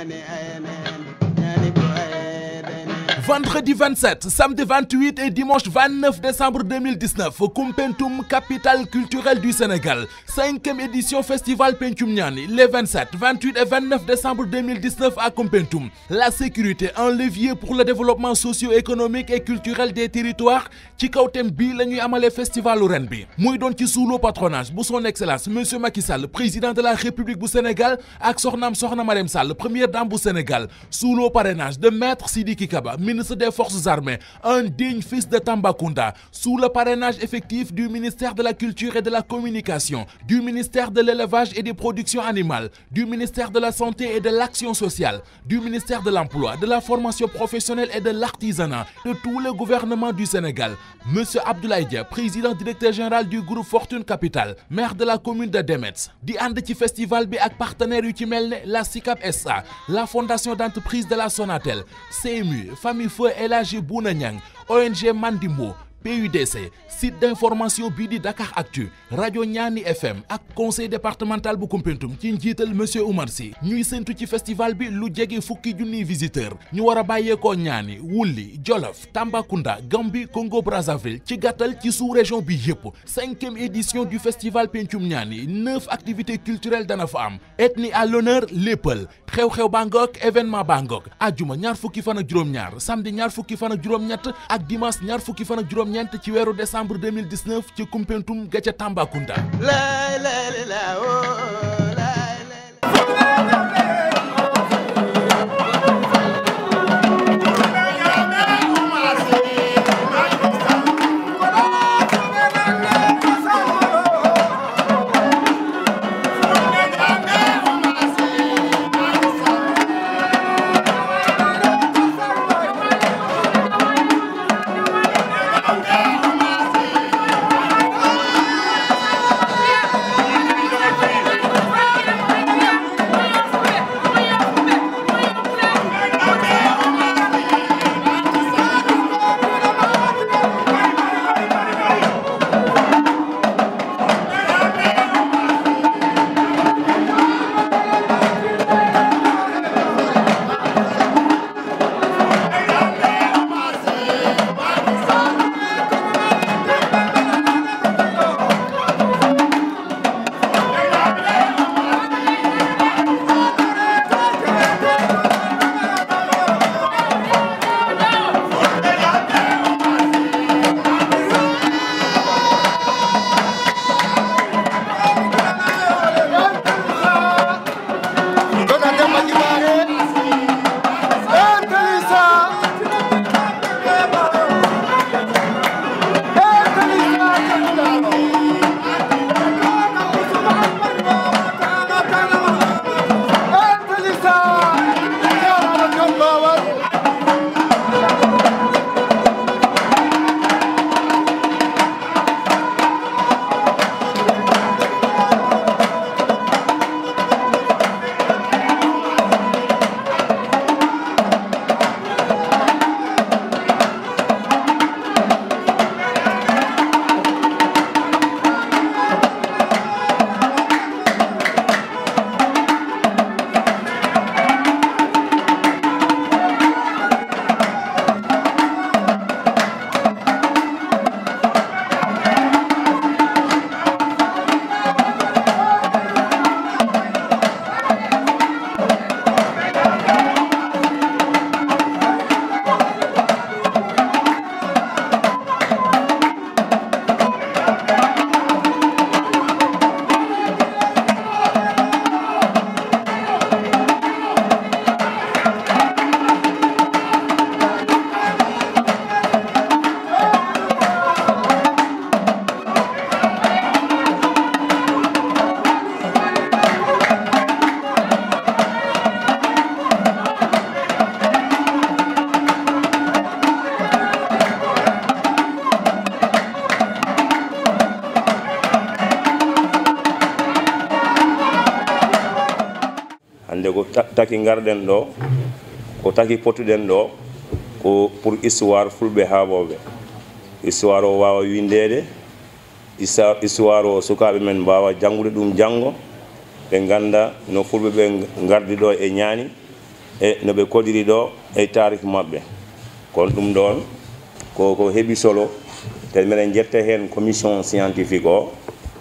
ane ane vendredi 27 samedi 28 et dimanche 29 décembre 2019 Kumpentum, capitale culturelle du Sénégal cinquième édition festival Pentium Niani, les 27 28 et 29 décembre 2019 à Kumpentum. la sécurité un levier pour le développement socio-économique et culturel des territoires ci la festivalu sous le patronage de son excellence monsieur Macky Sall président de la République du Sénégal ak Sornam soxna Sall première dame du Sénégal sous le parrainage de maître Sidi Kikaba ministre des Forces armées, un digne fils de Tambacounda, sous le parrainage effectif du ministère de la Culture et de la Communication, du ministère de l'Élevage et des Productions Animales, du ministère de la Santé et de l'Action Sociale, du ministère de l'Emploi, de la Formation Professionnelle et de l'Artisanat, de tout le gouvernement du Sénégal. Monsieur Abdoulaye Dia, président directeur général du groupe Fortune Capital, maire de la commune de Demetz, di ànd festival B partenaire partenaire la SICAP SA, la Fondation d'entreprise de la Sonatel, CMU, famille feu El Hadji Bouna Niang ONG Mandimbo PUDC site d'information BIDI Dakar Actu Radio Nyani FM ak conseil départemental bu Pentum, ci M. monsieur Oumar Sy ñuy ci festival bi lu jege fukki junniy visiteur ñu war a ko Tambakunda Wulli Jolof Tambacounda Gambie Congo Brazzaville ci gàttal ci sous-région bi 5 cinquième édition du festival Pentium Nyani. neuf activités culturelles dana fa am ethnie à l'honneur Lepel, xew-xew Bangok événement Bangok Adjuma ñaar fukki fan ak ñaar samedi ñaar fukki fan ak juróom ak dimanche ñaar fukki juróom-ñeent ci weeru décembre 2019 ci Koumpentoum ga ca Tambacounda. Oh. taki garɗen ɗo ko taki potuɗen ɗo ko pour histoire fulɓe haaɓooɓe histoire o waawa windeede histoire o sukaaɓe men mbaawa janngude ɗum janngo ɓe ngannda no fulɓe ɓe ngardi ɗo e ñaani e no ɓe kodiri ɗo e tarihe maɓɓe kono ɗum ɗoon koko heɓi solo te mbiɗen njette heen commission scientifique o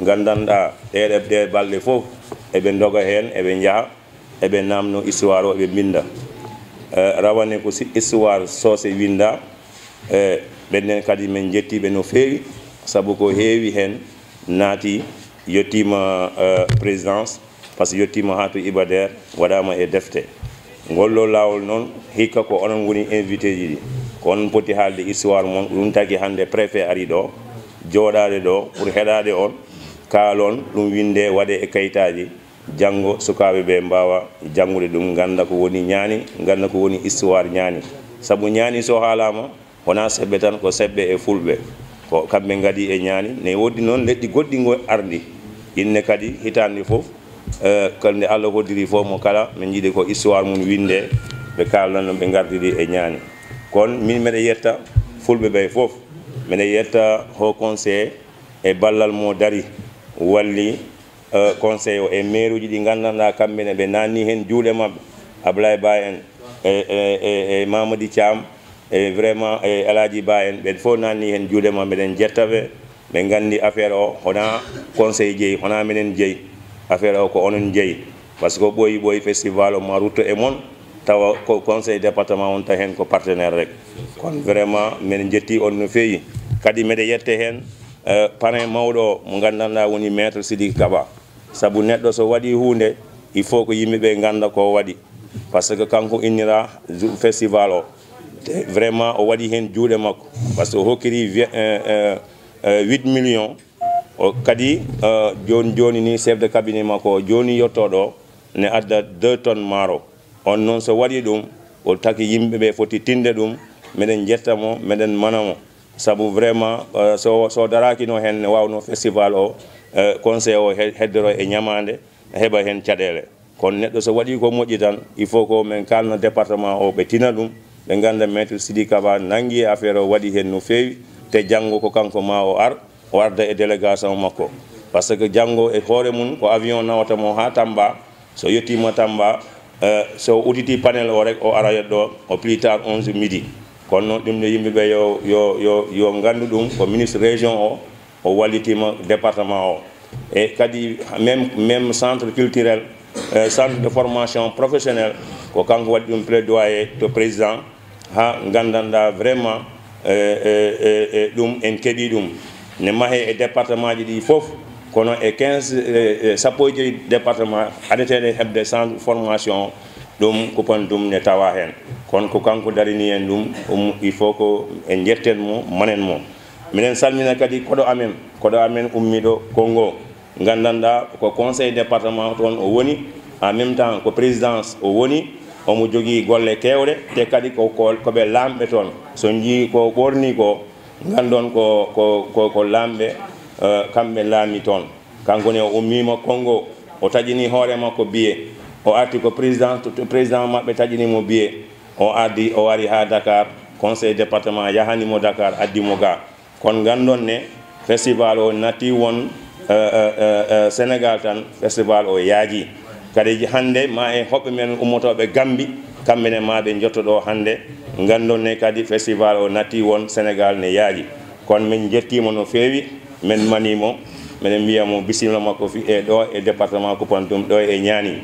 nganndanɗaa ɗeeɗe ɗe balɗe fof eɓe ndoga heen eɓe njaha eɓe namno histoire o ɓe binda e, rawane ko histoire soose winda e, ɓennen kadi min jettiɓe no feewi saabu ko heewi hen naati yettima e, présidence par ce que yettima ha to ibadaire waɗama e defte ngollo lawol noon hikka ko onon woni invité ji ɗi ko onon poti haalde histoire moon ɗum tagi hande préfet ari ɗo jooɗade ɗo pour heɗade on kaalon ɗum winde waɗe e kayitaji janngo sukaaɓe ɓe mbaawa janngude ɗum ngannda ko woni ñaani ngannda ko woni histoire ñaani sabu ñaani so haalaama wonaa seɓɓe tan ko seɓɓe e fulɓe ko kamɓe ngadi e ñaani ne woddi noon leɗɗi goɗɗi ngo ardi inne kadi hitaande fof eh, kalnde allah hoddiri fof mo kala min njiɗi ko histoire mum winnde ɓe kaalnano ɓe ngardiri e ñaani kon min mbeɗa yetta fulɓe ɓe fof mbeɗa yetta ho conseil e ballal mo dari walli Euh, conseil o e maire uji ɗi ngandanɗa kamɓene ɓe nanni hen juuɗe mabɓe ablaye ba en e, e, e, e mamadi thiam e vraiment e aladji ba en ɓen fof nanni hen juuɗe mabɓe ɗen jettaɓe ɓe gandi affaire o hona conseil jeeyi hona minen jeeyi affaire o ko onon jeeyi par ce que ɓooyi ɓooyi festival o ma rutto e moon tawa ko conseil département wonta hen ko partenaire rek kono vraiment minen jetti on no feewi kadi mbiɗa yette hen euh, parin mawɗo o mo gandanɗa woni maître sidi kaba sabu neɗɗo so waɗi hunde il faut ko yimɓeɓe ganda ko waɗi par ce que kanko innira festival o te vraiment o waɗi hen juuɗe makko par ce que o hokkiri 8 euh, euh, euh, million o kadi joni joni ni chef de cabinet makko o joni yettoɗo ne adda 2 tonnes maro on noon so waɗi ɗum o taki yimɓeɓe foti tinde ɗum meɗen jettamo meɗen manamo saabu vraiment euh, so so darakino hen wawno festival o euh, conseil o heddoro e ñamande heɓa hen caɗele kono neɗɗo so waɗi ko moƴƴi tan il faut ko min kalno département o ɓe tina ɗum ɓe ganda maître sidi kaba nangui e affaire o waɗi hen no fewi te janggo ko kanko ma o ar o arda e délégation makko par ce que janggo e hoore mum ko avion nawatamo ha tamba so yettima tamba euh, so udditi panel o rek o arayet ɗo o plus tard 11 midi kono noon ɗum no yo yo yo yo gandu ɗum ko ministre région o o wallitima département o et kadi même même centre culturel euh, centre de formation professionnelle ko kanko waɗi ɗum plaidoyer to président ha gandanɗa vraiment euh euh dum euh, euh, en kedi dum ne mahe e département ji di fof kono e 15 sappo e joyi département aɗeteɗe heɓde centre formation ɗum ko pon dum ne tawa hen kon ko kanko darini en ɗum um il faut ko en jetten mo manen mo minen salmina kadi koɗo amen koɗo amen ummiɗo kongo gandanɗa ko conseil département toon o woni en même temps ko présidence o woni omo jogi golle kewre te kadi ko be lambe toon so jii ko ɓorni ko gandon ko ko ko, ko laamɓe uh, eh, kamɓe laami toon kanko ne o ummima kongo o taƴini hoore makko biye o arti ko président président maɓɓe taƴinimo biye o ardi o wari ha dakar conseil département yahanimo dakar addimo ga kon gandon ne festival o natti won uh, uh, uh, sénégal tan festival o yaaji kadi hande ma en hoɓɓe men ummotoɓe gambi kamɓene maɓe jottoɗo hande gandon ne kadi festival o natti won sénégal ne yaaji kon min jettimo no fewi min manimo miɗen mbiyamo bisimilla makko fi e ɗo e département coupantum ɗo e ñaani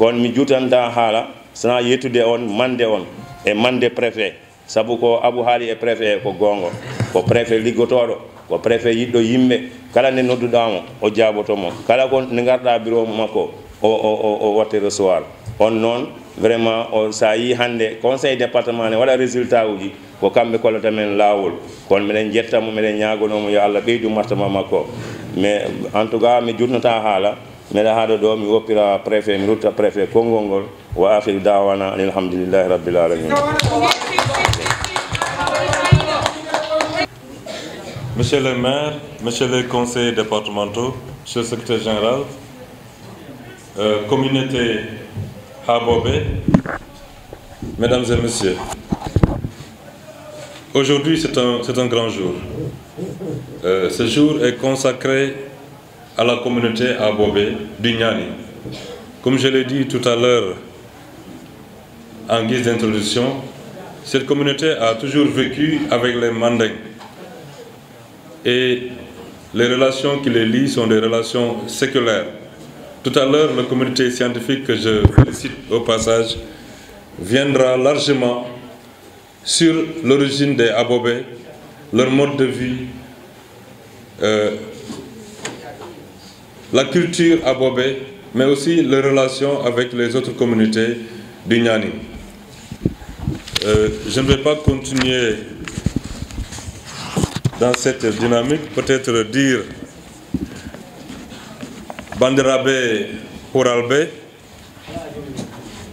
kon mi jutanta haala sana yettude on mande on e mande préfet sabu ko abou haali e préfet ko gongo ko préfet liggotoɗo ko préfet yiɗɗo yimɓe kala nde nodduɗamo o jaabotomo kala ko nde garɗa bureau makko o watte recevoir on noon vraiment o sa yi hande conseil département ne waɗa résultat uji ko kamɓe kollata men lawol kon miɗen jettamo miɗen ñagonomo yo allah ɓeydu martama makko mais en tout cas mi jutnata haala mbeɗa haɗo ɗo mi woppira préfet mi rutta préfet konngol ngol wa akhiru dawana anilhamdulillahi rabbil alamin monsieur le maire monsieur le conseiller départemental, monsieur le secrétaire général euh, communauté Habobé mesdames et messieurs aujourd'hui c'est un, un grand jour euh, ce jour est consacré à la communauté abobé d'Ignani. du Comme je l'ai dit tout à l'heure en guise d'introduction, cette communauté a toujours vécu avec les Mandeng. Et les relations qui les lient sont des relations séculaires. Tout à l'heure, la communauté scientifique que je félicite au passage viendra largement sur l'origine des Abobés, leur mode de vie, euh, la culture à mais aussi les relations avec les autres communautés d'Ignani. Euh, je ne vais pas continuer dans cette dynamique, peut-être dire Banderabé Bandera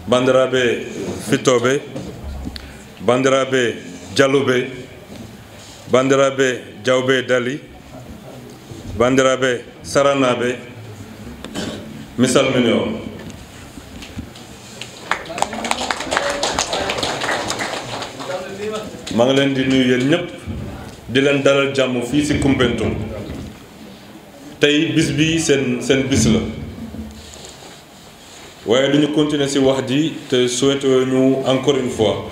Banderabé Fitobé, Banderabé Djalobé, Banderabé Djaoubé Dali, Banderabé, Saranabe, mi misal on ngi di nuyel ñep di len dalal jamm fi ci la te souhaite ñu encore une fois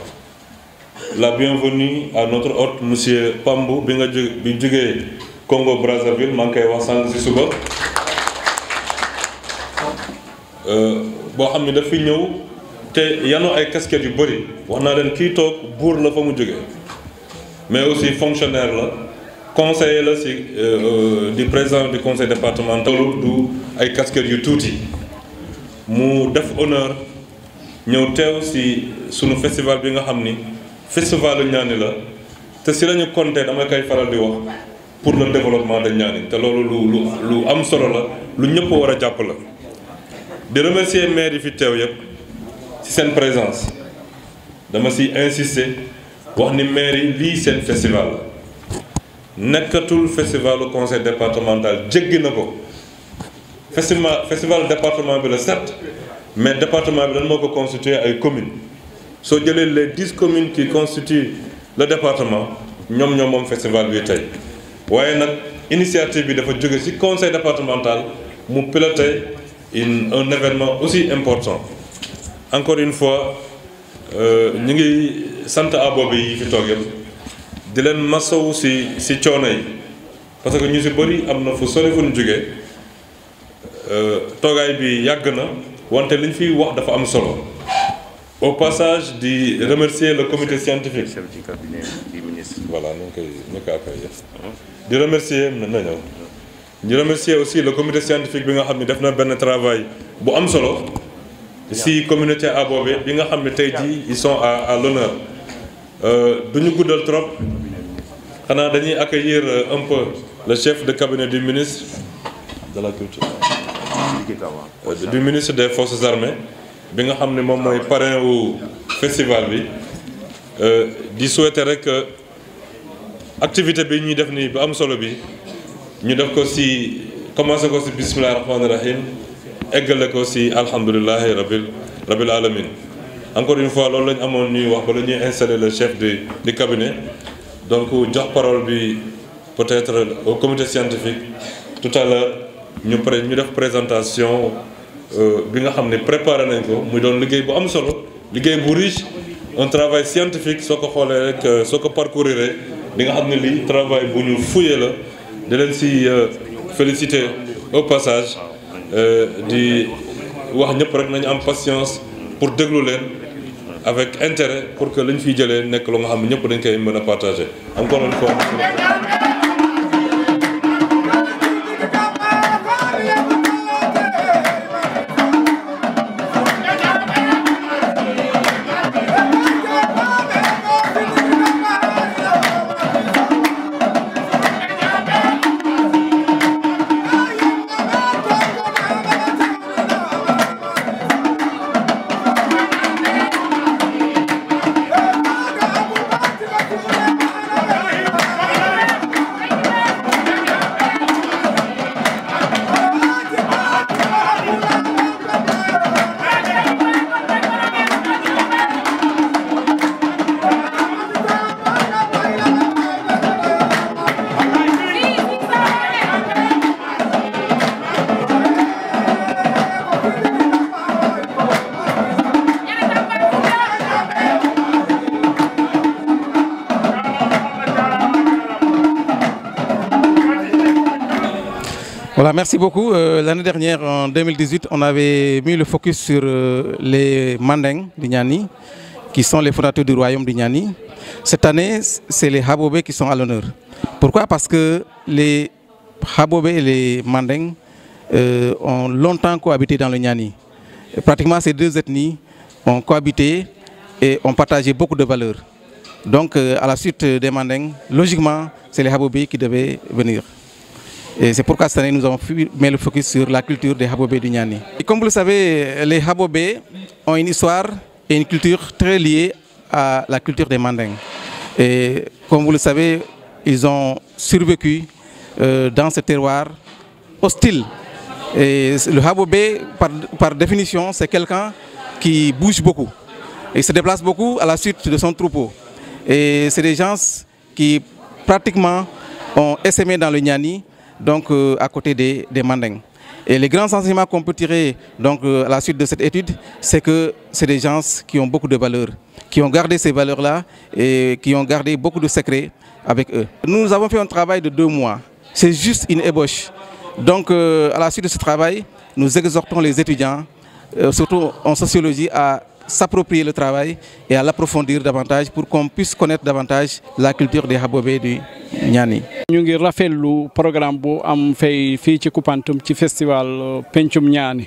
la bienvenue à notre hôte monsieur Pambo bi nga Congo Brazzaville maa ngi koy wax sànq si suba euh, boo xam ne daf fi ñëw te yanoo ay casquettes yu bëri wax naa leen kii toog buur la fa mais aussi fonctionnaire la conseiller la si euh, euh, du président du conseil départemental du ay casquettes yu tuuti mu def honneur ñëw teew si sunu festival bi nga xam ni festivalu ñaani la te si lañu compter dama koy faral di wax pour le développement de l'Union, te ce lu lu le am solo la lu ñëpp war la di remercier maire yi fi teew pour ci présence dama ci insister wax ni maire yi festival la festival au conseil départemental Le festival départemental département certes mais département est constitué moo constitué ay communes soo les 10 communes qui constituent le département nous avons un festival bi tey waaye nag initiative bi dafa jóge ci conseil départemental mu piloter une un événement aussi important encore une fois euh, ñu ngi sant aboobe yi fi toog yëpp di leen masawu si ci coono yi parce que ñu ci bëri am na fu sori fu ñu jógee euh, toogaay bi yàgg na wante liñ fiy wax dafa am solo. Au passage, de remercier le comité scientifique. Voilà, nous De remercier, aussi le comité scientifique qui a fait un travail. Si am communauté a ils sont à, l'honneur. Euh, nous accueillir euh, un peu le chef de cabinet du ministre de la culture, euh, du ministre des forces armées bi nga xam ne moom parrain wu festival bi euh, di souhaiter rek activité bi ñuy def nii bu am solo bi ñu def ko si commencé ko si bisimilah rahmaani rahim eggale ko si alhamdulilahi rabil rabil alamin encore une fois loolu lañ installé ñuy wax ba le chef du du cabinet donc jox parole bi peut-être au comité scientifique tout à l'heure ñu pré ñu def présentation. Euh, bi nga xam ne préparé nañ ko muy doon liggéey bu am solo liggéey bu riche un travail scientifique soo ko xoolee rek euh, soo ko parcourir di nga xam ne lii travail bu ñu fouillé la di leen si euh, féliciter au passage di wax ñëpp rek nañu am patience pour déglu leen avec intérêt pour que lañ fiy jëlee nekk lu nga xam ne ñëpp dañ koy mën a am ko une ko. Bah, merci beaucoup. Euh, l'année dernière, en 2018, on avait mis le focus sur euh, les les Mandeng d'Ignani, qui sont les fondateurs du royaume d'Ignani. Cette année, c'est les Habobé qui sont à l'honneur. Pourquoi Parce que les Habobé et les Mandeng euh, ont longtemps cohabité dans le pratiquement, ces deux ethnies ont cohabité et ont partagé beaucoup de valeurs. Donc, à la suite des Mandeng, logiquement, c'est les Habobé qui devaient venir. Et c'est pourquoi cette année, nous avons mis le focus sur la culture des Habobés du Niani. Et comme vous le savez, les Habobés ont une histoire et une culture très liées à la culture des Mandingues. Et comme vous le savez, ils ont survécu euh, dans ce terroir hostile. Et le Habobé, par, définition, c'est quelqu'un qui bouge beaucoup. Il se déplace beaucoup à la suite de son troupeau. Et c'est des gens qui pratiquement ont essaimé dans le Niani donc, euh, à côté des, des Mandingues. Et les grands enseignements qu'on peut tirer donc, euh, à la suite de cette étude, c'est que c'est des gens qui ont beaucoup de valeurs, qui ont gardé ces valeurs-là et qui ont gardé beaucoup de secrets avec eux. Nous avons fait un travail de deux mois. C'est juste une ébauche. Donc, euh, à la suite de ce travail, nous exhortons les étudiants, surtout en sociologie, à s'approprier le travail et à l'approfondir davantage pour qu'on puisse connaître davantage la culture des Habobé du Nous avons fait le programme pour am fay fii ci Koupantoum festival euh, penchum que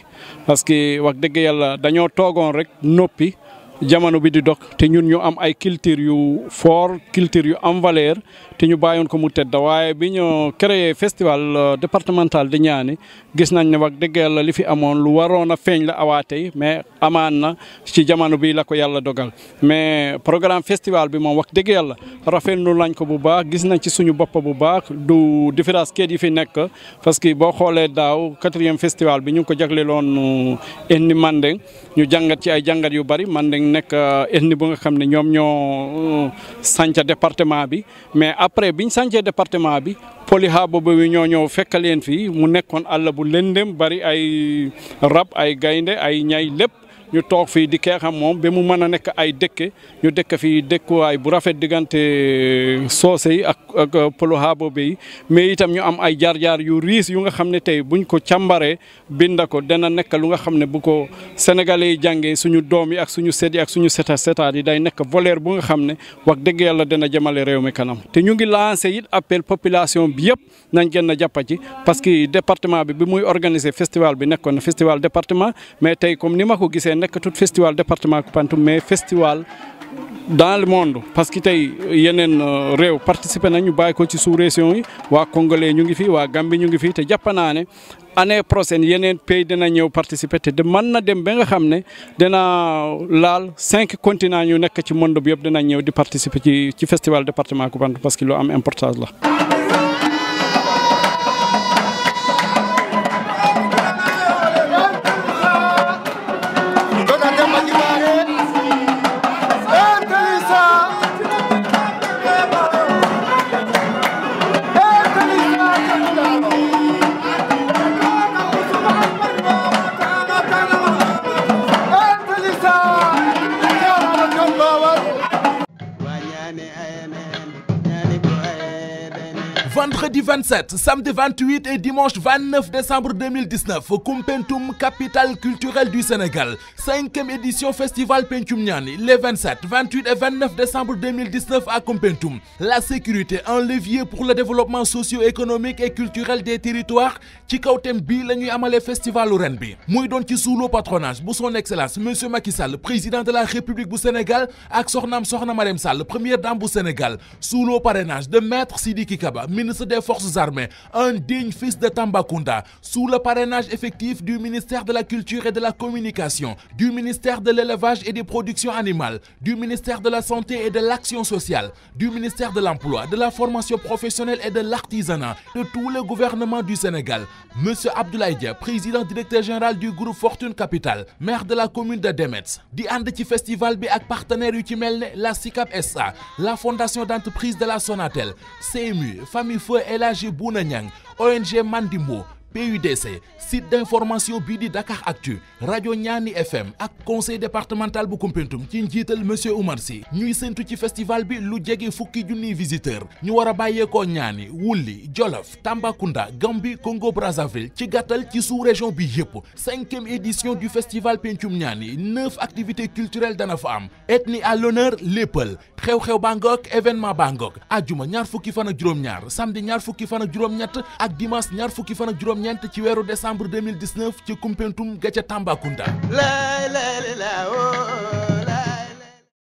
parce que wak des yàlla dañoo togon rek nopi jamono bi di dog te ñun ñu am ay culture yu fort culture yu am valeur te ñu bàyyoon ko mu tedd waaye bi ñu créé festival euh, départemental di Ñaani gis nañ ne wax dëgg yàlla li fi amoon lu waroon a feeñ la awaatee mais amaan na ci jamono bi la ko yàlla dogal. mais programme festival bi moom wax dëgg yàlla rafetlu lañ ko bu baax gis nañ ci suñu bopp bu baax du différence keet yi fi nekk parce que boo xoolee daaw quatrième festival bi ñu ngi ko jagleeloon indi euh, Mandeng ñu jàngat ci ay jàngat yu bari Mandeng nekk euh, ethnie bu nga xam ne ñoom ñoo euh, sànca département bi mais après biñ sàncee département bi poliha boobu bi ñoo ñëw fekk leen fii mu nekkoon àll bu lëndëm bari ay rab ay gaynde ay ñay lépp ñu toog fii di xam moom ba mu mën a nekk ay dëkk ñu dëkk fii dëkkuwaay bu rafet diggante euh, soose yi ak ak euh, polohaabo bi mais itam ñu am ay jaar-jaar yu riis yu nga xam ne tey buñ ko càmbaree binda ko dana nekk lu nga xam ne bu ko sénégalais yi jàngee suñu doom yi ak suñu seet ak suñu seta setaat yi day nekk voleur bu nga xam ne wax dëgg yàlla dana jamale réew mi kanam te ñu ngi lancé it appel population bi yëpp nañ gën a jàppa ci parce que département bi bi muy organiser bi nekkoon na festival département mais comme ni ma ko gisee tut festival département Koupantoum mais festival dans le monde parce que tey yeneen euh, réew participer nañ ñu bàyyi ko ci sous-région yi waa congolais ñu ngi fi waa Gambie ñu ngi fi te jàpp naa ne année prochaine yeneen pays dina ñëw participer te de mën na dem ba nga xam ne dina laal cinq continents yu nekk ci monde bi yëpp dina ñëw di participer ci ci festival département Koupantoum parce que loo am importance la. 27 samedi 28 et dimanche 29 décembre 2019 Kumpentoum, capitale culturelle du Sénégal 5e édition festival Pentum les 27 28 et 29 décembre 2019 à Kumpentoum. la sécurité un levier pour le développement socio-économique et culturel des territoires ci la sous le patronage bu son excellence monsieur Macky Sall président de la République du Sénégal ak le soxna Sall première dame du Sénégal sous le parrainage de maître Sidi Kikaba, ministre des armées, un digne fils de Tambacounda, sous le parrainage effectif du ministère de la Culture et de la Communication, du ministère de l'Élevage et des Productions Animales, du ministère de la Santé et de l'Action Sociale, du ministère de l'Emploi, de la Formation Professionnelle et de l'Artisanat, de tout le gouvernement du Sénégal. Monsieur Abdoulaye Dia, président directeur général du groupe Fortune Capital, maire de la commune de Demetz, di Andeti festival bi partenaire partenaires la SICAP SA, la Fondation d'entreprise de la Sonatel, CMU, Famille Feu et la ménager Bounanyang, ONG Mandimo, PUDC site d'information Bidi Dakar Actu Radio NYANI FM ak conseil départemental bu Pentum ci monsieur Oumar Sy ñuy festival bi lu jege fukki visiteur ñu Konyani bayé ko Ñaani Wulli Jolof Tambacounda Gambie Congo Brazzaville ci qui ci sous-région bi 5e édition du festival Pentum Ñaani 9 activités culturelles dana fa am ethnie à l'honneur léppal xew-xew Bangok événement Bangok ajjuma ñaar fukki fan ak ñaar samedi ñaar fukki fan ak ak dimanche ñaar ñeent ci weeru décembre 2019 ci Koumpentoum ga ca Tambacounda. Oh.